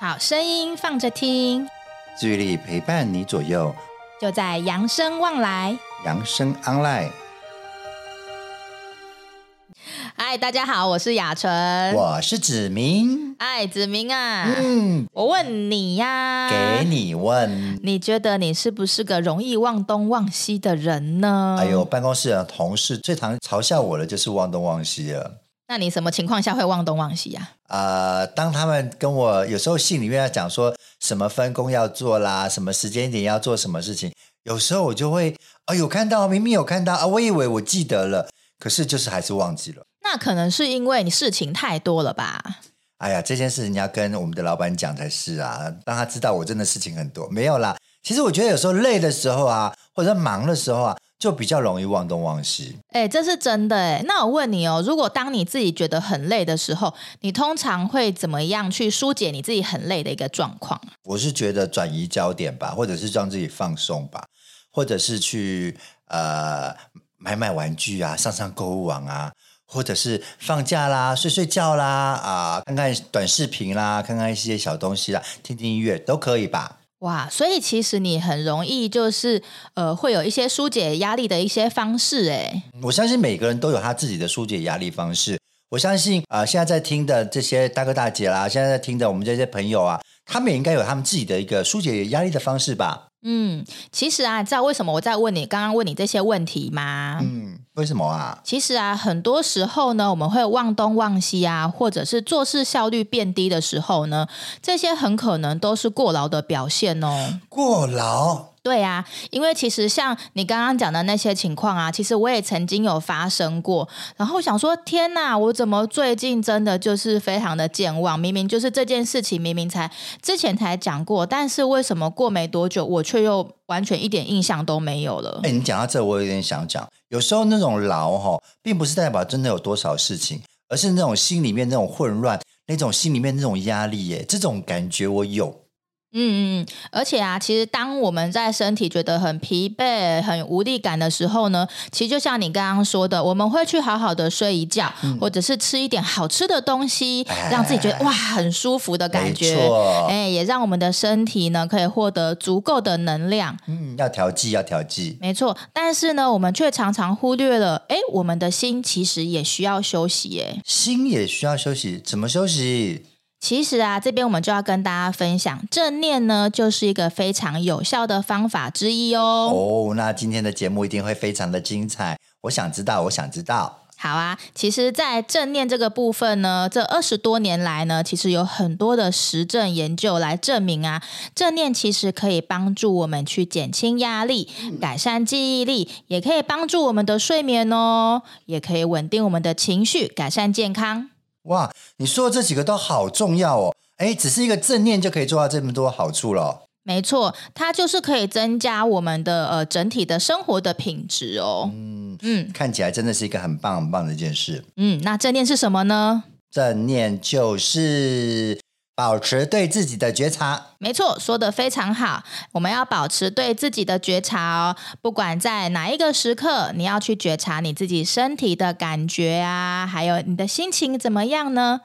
好，聲音放着聽。注意力陪伴你左右，就在陽生旺來，陽生 online。嗨，大家好，我是雅淳，我是子明。哎，子明啊，嗯，我問你呀、啊，給你問，你覺得你是不是個容易忘東忘西的人呢？哎呦，辦公室的、啊、同事最常嘲笑我的就是忘東忘西了。那你什麼情況下會忘東忘西呀、啊？呃，當他們跟我有時候信裡面要講說什麼分工要做啦，什麼時間點要做什麼事情，有時候我就會啊、哦、有看到，明明有看到啊、哦，我以為我記得了，可是就是還是忘記了。那可能是因為你事情太多了吧？哎呀，這件事你要跟我們的老闆講才是啊，當他知道我真的事情很多。沒有啦，其實我覺得有時候累的時候啊，或者忙的時候啊。就比較容易忘東忘西，哎、欸，這是真的哎、欸。那我問你哦、喔，如果當你自己覺得很累的時候，你通常會怎麼樣去紓解你自己很累的一個狀況？我是覺得轉移焦點吧，或者是讓自己放鬆吧，或者是去呃買買玩具啊，上上購物網啊，或者是放假啦，睡睡覺啦，啊、呃，看看短視頻啦，看看一些小東西啦，聽聽音樂都可以吧。哇，所以其實你很容易就是呃，會有一些疏解壓力的一些方式欸。我相信每個人都有他自己的疏解壓力方式。我相信啊，呃，現在在聽的這些大哥大姐啦，現在在聽的我們這些朋友啊，他們也應該有他們自己的一個疏解壓力的方式吧。嗯，其實啊，你知道為什麼我在問你，剛剛問你這些問題嗎？嗯，為什麼啊？其實啊，很多時候呢，我們會忘東忘西啊，或者是做事效率變低的時候呢，這些很可能都是過勞的表現哦。過勞。對呀、啊，因為其實像你剛剛講的那些情況啊，其實我也曾經有發生過。然後想說，天吶，我怎麼最近真的就是非常的健忘？明明就是這件事情，明明才之前才講過，但是為什麼過沒多久，我卻又完全一點印象都沒有了？哎、欸，你講到這，我有點想講，有時候那種勞吼並不是代表真的有多少事情，而是那種心裡面那種混亂，那種心裡面那種壓力，誒，這種感覺我有。嗯嗯嗯，而且啊，其實當我們在身體覺得很疲憊、很無力感的時候呢，其實就像你剛剛說的，我們會去好好的睡一覺，嗯、或者是吃一點好吃的東西，哎、讓自己覺得、哎、哇很舒服的感覺。沒錯。哎，也讓我們的身體呢可以獲得足夠的能量。嗯，要調劑，要調劑。沒錯，但是呢，我們卻常常忽略了，哎，我們的心其實也需要休息、欸。哎，心也需要休息，怎麼休息？其實啊，這邊我們就要跟大家分享正念呢，就是一個非常有效的方法之一哦。哦，oh, 那今天的節目一定會非常的精彩。我想知道，我想知道。好啊，其實，在正念這個部分呢，這二十多年來呢，其實有很多的實證研究來證明啊，正念其實可以幫助我們去減輕壓力、改善記憶力，也可以幫助我們的睡眠哦，也可以穩定我們的情緒、改善健康。哇，你說的這幾個都好重要哦！誒，只是一個正念就可以做到這麼多好處了哦。沒錯，它就是可以增加我們的，呃，整體的生活的品質哦。嗯嗯，嗯，看起來真的是一個很棒很棒的一件事。嗯，那正念是什麼呢？正念就是。保持對自己的覺察，沒錯，說得非常好。我們要保持對自己的覺察哦，不管在哪一個時刻，你要去覺察你自己身體的感覺啊，還有你的心情怎麼樣呢？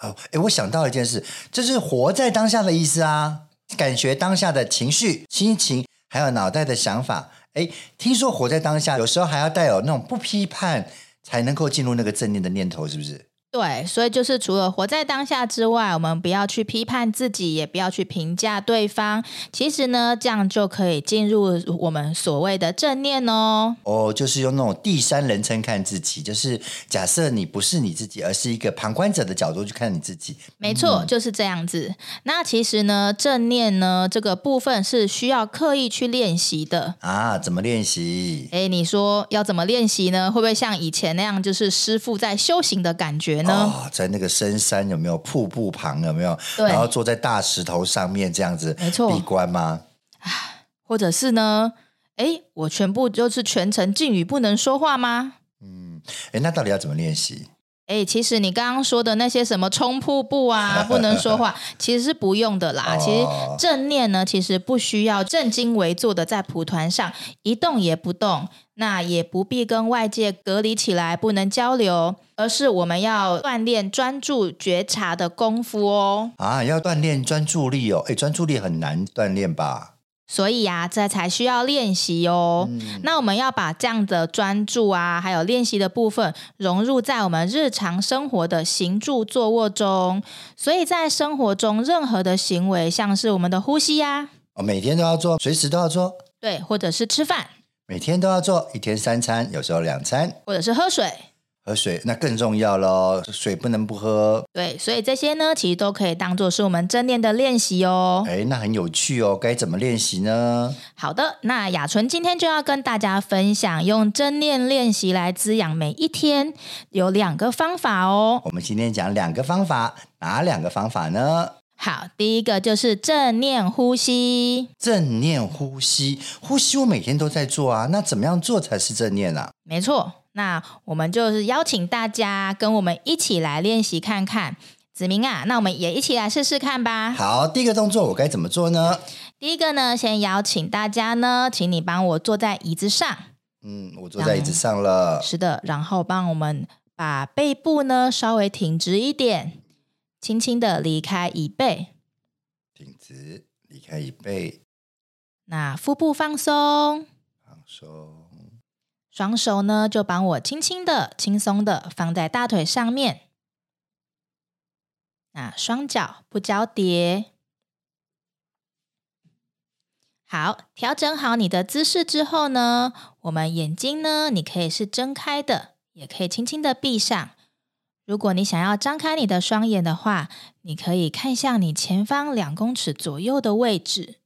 哦，哎，我想到一件事，就是活在當下的意思啊，感覺當下的情緒、心情，還有腦袋的想法。哎，聽說活在當下，有時候還要帶有那種不批判，才能夠進入那個正念的念頭，是不是？對，所以就是除了活在當下之外，我們不要去批判自己，也不要去評價對方。其實呢，這樣就可以進入我們所謂的正念哦。哦，oh, 就是用那種第三人稱看自己，就是假設你不是你自己，而是一個旁觀者的角度去看你自己。沒錯，就是這樣子。那其實呢，正念呢，這個部分是需要刻意去練習的。啊，怎麼練習？哎，你說要怎麼練習呢？會不會像以前那樣，就是師父在修行的感覺呢？哦，在那個深山有沒有瀑布旁？有沒有？對然後坐在大石頭上面這樣子，沒錯，閉關嗎？啊，或者是呢？哎，我全部就是全程禁語，不能說話嗎？嗯，哎，那到底要怎麼練習？哎、欸，其實你剛剛說的那些什麼沖瀑布啊，不能說話， 其實是不用的啦。哦、其實正念呢，其實不需要正襟危坐的在蒲團上一動也不動，那也不必跟外界隔離起來，不能交流，而是我們要鍛鍊專注覺察的功夫哦。啊，要鍛鍊專注力哦。哎，專注力很難鍛鍊吧？所以啊，這才需要練習哦。嗯，那我們要把這樣的專注啊，還有練習的部分，融入在我們日常生活的行住坐臥中。所以在生活中，任何的行為，像是我們的呼吸呀，啊，哦，每天都要做，隨時都要做，對，或者是吃飯，每天都要做，一天三餐，有時候兩餐，或者是喝水。喝水那更重要嘍，水不能不喝。對，所以這些呢，其實都可以當做是我們正念的練習哦。哎，那很有趣哦，該怎麼練習呢？好的，那雅淳今天就要跟大家分享用正念練習來滋養每一天，有兩個方法哦。我們今天講兩個方法，哪兩個方法呢？好，第一個就是正念呼吸。正念呼吸，呼吸我每天都在做啊，那怎麼樣做才是正念呢？啊？沒錯。那我們就是邀請大家跟我們一起來練習看看，子明啊，那我們也一起來試試看吧。好，第一個動作我該怎麼做呢？第一個呢，先邀請大家呢，請你幫我坐在椅子上。嗯，我坐在椅子上了。是的，然後幫我們把背部呢稍微挺直一點，輕輕的離開椅背，挺直離開椅背。那腹部放鬆，放鬆。雙手呢，就幫我輕輕的、輕鬆的放在大腿上面。那雙腳不交疊，好，調整好你的姿勢之後呢，我們眼睛呢，你可以是睜開的，也可以輕輕的閉上。如果你想要張開你的雙眼的話，你可以看向你前方兩公尺左右的位置。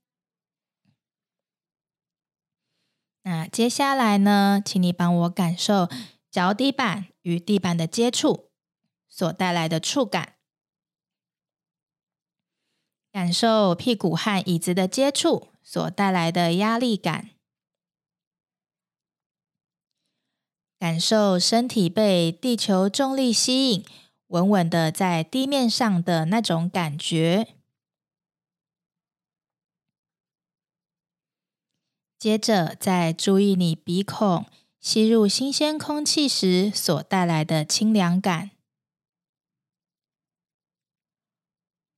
那接下來呢，請你幫我感受腳底板與地板的接觸所帶來的觸感，感受屁股和椅子的接觸所帶來的壓力感，感受身體被地球重力吸引，穩穩的在地面上的那種感覺。接着再注意你鼻孔吸入新鮮空氣時所帶來的清涼感，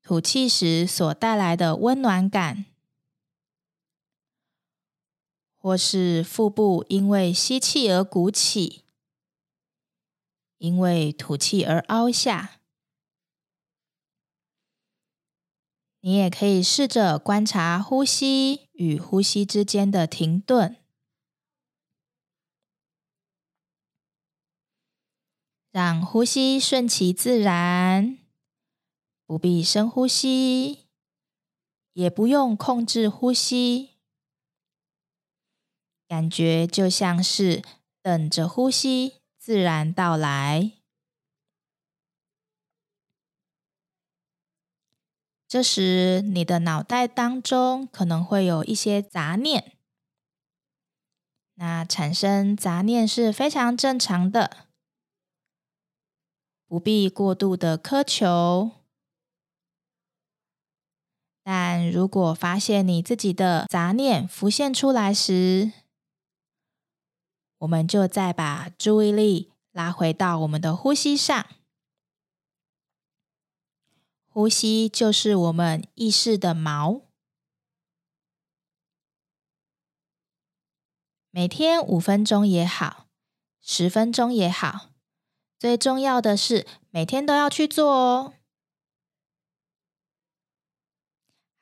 吐氣時所帶來的溫暖感，或是腹部因為吸氣而鼓起，因為吐氣而凹下。你也可以試着觀察呼吸。與呼吸之間的停頓，讓呼吸順其自然，不必深呼吸，也不用控制呼吸，感覺就像是等着呼吸自然到來。這時，你的腦袋當中可能會有一些雜念，那產生雜念是非常正常的，不必過度的苛求。但如果發現你自己的雜念浮現出來時，我們就再把注意力拉回到我們的呼吸上。呼吸就是我們意識的錨，每天五分鐘也好，十分鐘也好，最重要的是每天都要去做哦。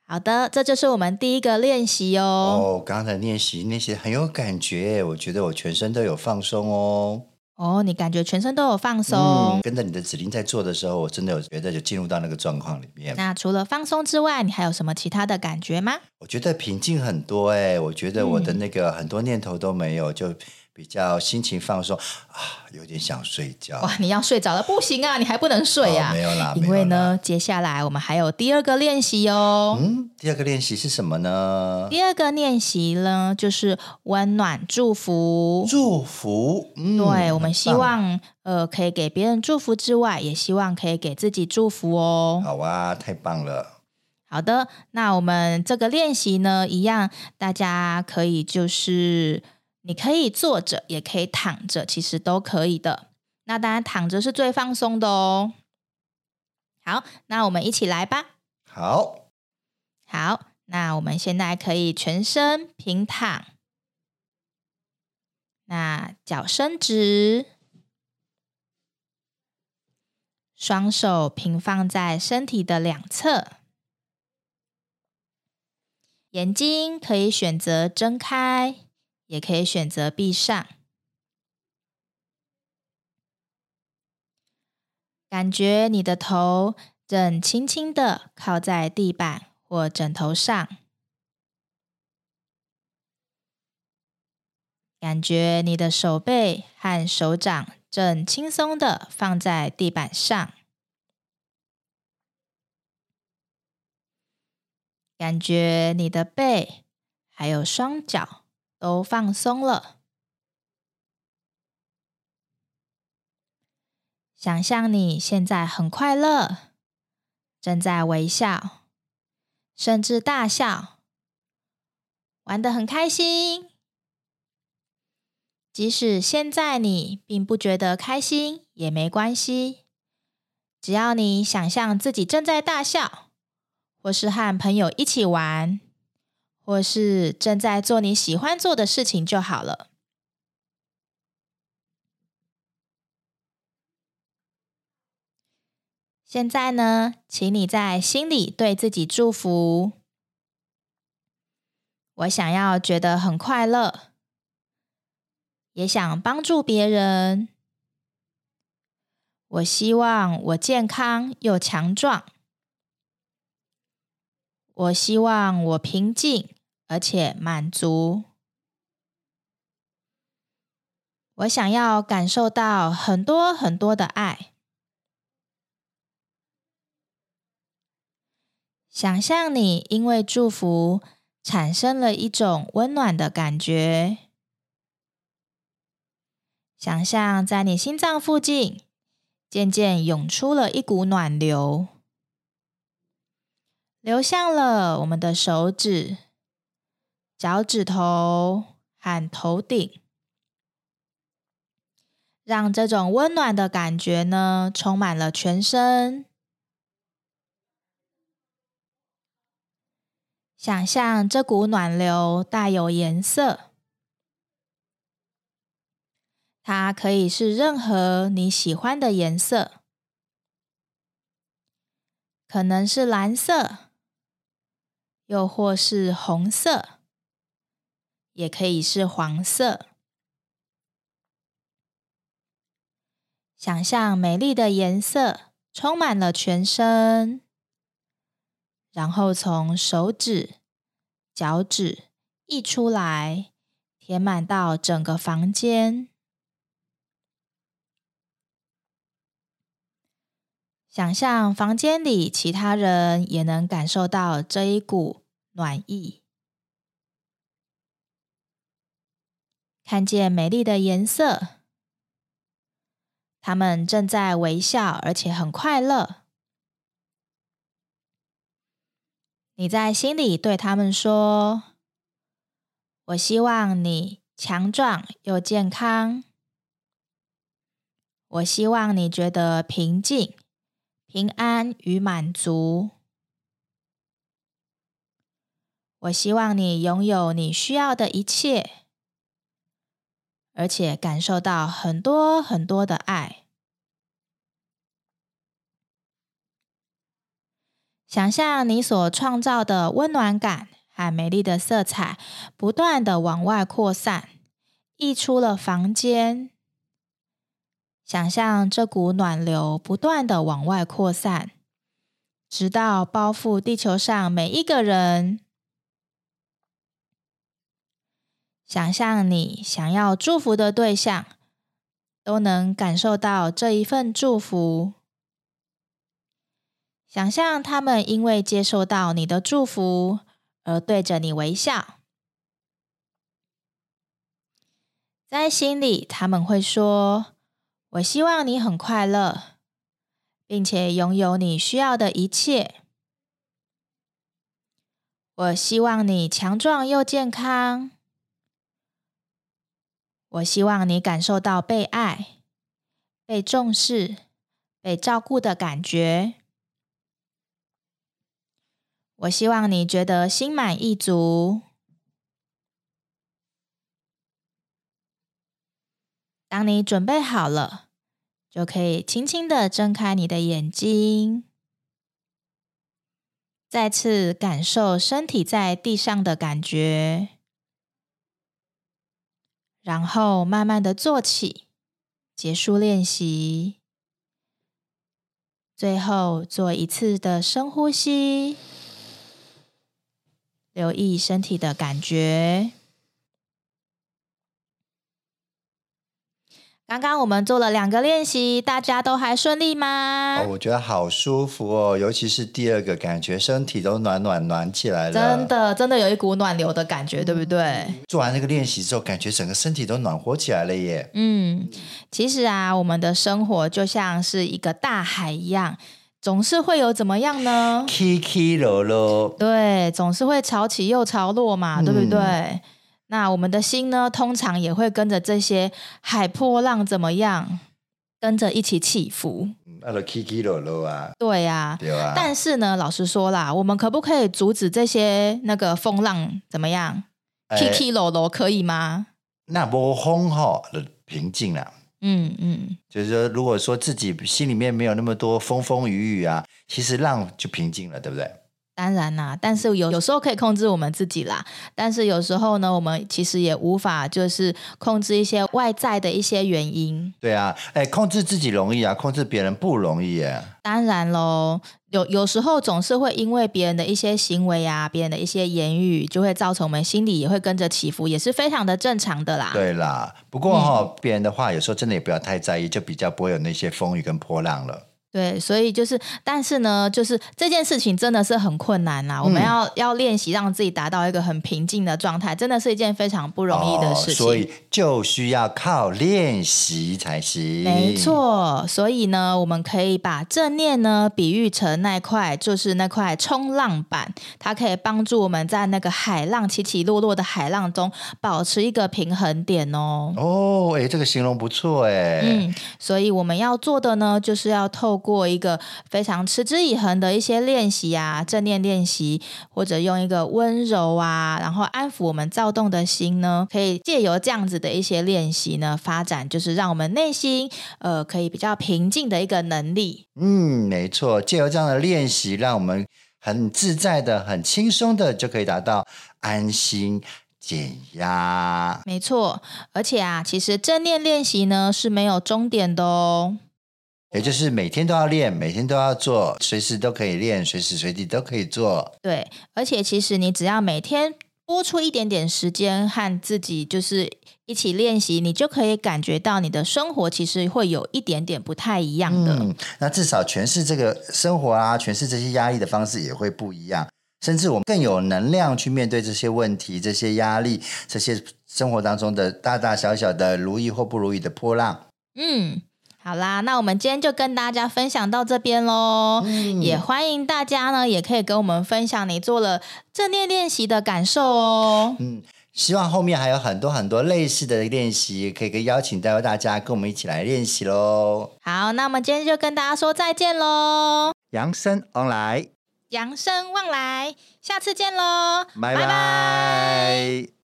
好的，這就是我們第一個練習哦。哦，剛才練習那些很有感覺，我覺得我全身都有放鬆哦。哦，你感覺全身都有放鬆。嗯，跟着你的指令在做的時候，我真的有覺得就進入到那個狀況裡面。那除了放鬆之外，你還有什麼其他的感覺嗎？我覺得平靜很多哎，欸，我覺得我的那個很多念頭都沒有，嗯，就。比較心情放鬆啊，有點想睡覺。哇，你要睡着了，不行啊，你還不能睡啊！Oh, 沒有啦，因為呢，接下來我們還有第二個練習哦。嗯，第二個練習是什麼呢？第二個練習呢，就是溫暖祝福。祝福，嗯，對，我們希望很棒，呃，可以給別人祝福之外，也希望可以給自己祝福哦。好啊，太棒了。好的，那我們這個練習呢，一樣，大家可以就是。你可以坐着，也可以躺着，其實都可以的。那當然躺着是最放鬆的哦。好，那我們一起來吧。好好，那我們現在可以全身平躺，那腳伸直，雙手平放在身體的兩側，眼睛可以選擇睜開也可以選擇閉上。感覺你的頭正輕輕的靠在地板或枕頭上，感覺你的手背和手掌正輕鬆的放在地板上，感覺你的背還有雙腳。都放鬆了。想象你現在很快樂，正在微笑，甚至大笑，玩得很開心。即使現在你並不覺得開心也沒關係，只要你想象自己正在大笑，或是和朋友一起玩。或是正在做你喜歡做的事情就好了。現在呢，請你在心裡對自己祝福。我想要覺得很快樂，也想幫助別人。我希望我健康又強壯。我希望我平靜，而且滿足，我想要感受到很多很多的愛。想象你因為祝福產生了一種溫暖的感覺，想象在你心臟附近漸漸湧出了一股暖流，流向了我們的手指。腳趾頭和頭頂，讓這種溫暖的感覺呢，充滿了全身。想象這股暖流帶有顏色，它可以是任何你喜歡的顏色，可能是藍色，又或是紅色。也可以是黃色。想象美麗的顏色充滿了全身，然後從手指、腳趾溢出來，填滿到整個房間。想象房間裡其他人也能感受到這一股暖意。看見美麗的顏色，他們正在微笑，而且很快樂。你在心裡對他們說：“我希望你強壯又健康，我希望你覺得平靜、平安與滿足，我希望你擁有你需要的一切。”而且感受到很多很多的愛。想象你所創造的溫暖感和美麗的色彩，不斷的往外擴散，溢出了房間。想象這股暖流不斷的往外擴散，直到包覆地球上每一個人。想象你想要祝福的對象都能感受到這一份祝福。想象他們因為接受到你的祝福而對着你微笑，在心裡他們會說：“我希望你很快樂，並且擁有你需要的一切。我希望你強壯又健康。”我希望你感受到被愛、被重視、被照顧的感覺。我希望你覺得心滿意足。當你準備好了，就可以輕輕的睜開你的眼睛，再次感受身體在地上的感覺。然後慢慢的坐起，結束練習，最後做一次的深呼吸，留意身體的感覺。剛剛我們做了兩個練習，大家都還順利嗎？哦，我覺得好舒服哦，尤其是第二個，感覺身體都暖暖暖起來了。真的，真的有一股暖流的感覺，對不對？做完那個練習之後，感覺整個身體都暖和起來了耶。嗯，其實啊，我們的生活就像是一個大海一樣，總是會有怎麼樣呢？起起落落。對，總是會潮起又潮落嘛，對不對？嗯那我們的心呢，通常也會跟着這些海波浪怎麼樣，跟着一起起伏。嗯、那 i 起起落落啊。對呀。對啊。對啊，但是呢，老實說啦，我們可不可以阻止這些那個風浪怎麼樣？哎、起起落落可以嗎？那波轟吼的平靜了。嗯嗯。嗯，就是說，如果說自己心裡面沒有那麼多風風雨雨啊，其實浪就平靜了，對不對？當然啦，但是有有時候可以控制我們自己啦，但是有時候呢，我們其實也無法就是控制一些外在的一些原因。對啊，哎、欸，控制自己容易啊，控制別人不容易耶。哎，當然嘍，有有時候總是會因為別人的一些行為呀、啊，別人的一些言語，就會造成我們心裡也會跟着起伏，也是非常的正常的啦。對啦，不過哈、哦，嗯、別人的話有時候真的也不要太在意，就比較不會有那些風雨跟波浪了。對，所以就是，但是呢，就是這件事情真的是很困難啦、啊。嗯、我們要要練習讓自己達到一個很平靜的狀態，真的是一件非常不容易的事情。哦、所以就需要靠練習才行。沒錯，所以呢，我們可以把正念呢比喻成那塊，就是那塊衝浪板，它可以幫助我們在那個海浪起起落落的海浪中保持一個平衡點哦。哦，哎，這個形容不錯哎。嗯，所以我們要做的呢，就是要透過一個非常持之以恆的一些練習啊，正念練習，或者用一個溫柔啊，然後安撫我們躁動的心呢，可以借由這樣子的一些練習呢，發展就是讓我們內心呃可以比較平靜的一個能力。嗯，沒錯，借由這樣的練習，讓我們很自在的、很輕鬆的就可以達到安心減壓。沒錯，而且啊，其實正念練習呢是沒有終點的哦。也就是每天都要練，每天都要做，隨時都可以練，隨時隨地都可以做。對，而且其實你只要每天撥出一點點時間和自己就是一起練習，你就可以感覺到你的生活其實會有一點點不太一樣的。嗯，那至少詮釋這個生活啊，詮釋這些壓力的方式也會不一樣，甚至我們更有能量去面對這些問題、這些壓力、這些生活當中的大大小小的如意或不如意的波浪。嗯。好啦，那我們今天就跟大家分享到這邊嘍。嗯，也歡迎大家呢，也可以跟我們分享你做了正念練習的感受哦。嗯，希望後面還有很多很多類似的練習，也可以邀請到大家跟我們一起來練習嘍。好，那我們今天就跟大家說再見嘍。楊生旺來，楊生旺來，下次見嘍，拜拜 bye。Bye bye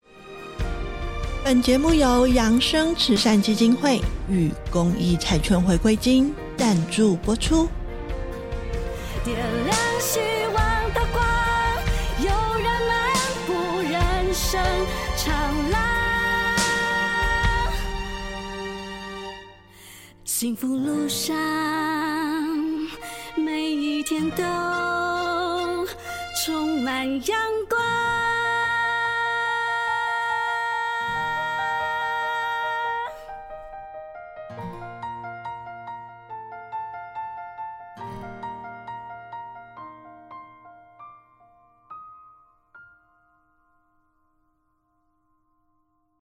本節目由揚生慈善基金會與公益彩券回饋金贊助播出。點亮希望的光，有人漫步人生長廊，幸福路上每一天都充滿陽光。